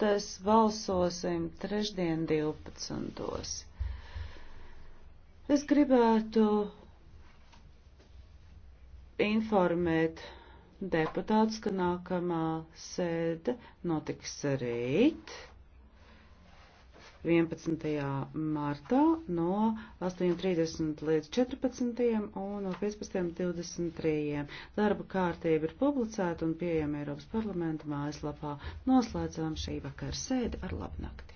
debatēs balsosim trešdien 12. Es gribētu informēt deputātus, ka nākamā sēde notiks rīt. 11. martā no 8.30 līdz 14. un no 15.23. Darba kārtība ir publicēta un pieejama Eiropas parlamenta mājaslapā. Noslēdzām šī vakara sēdi ar labnakti.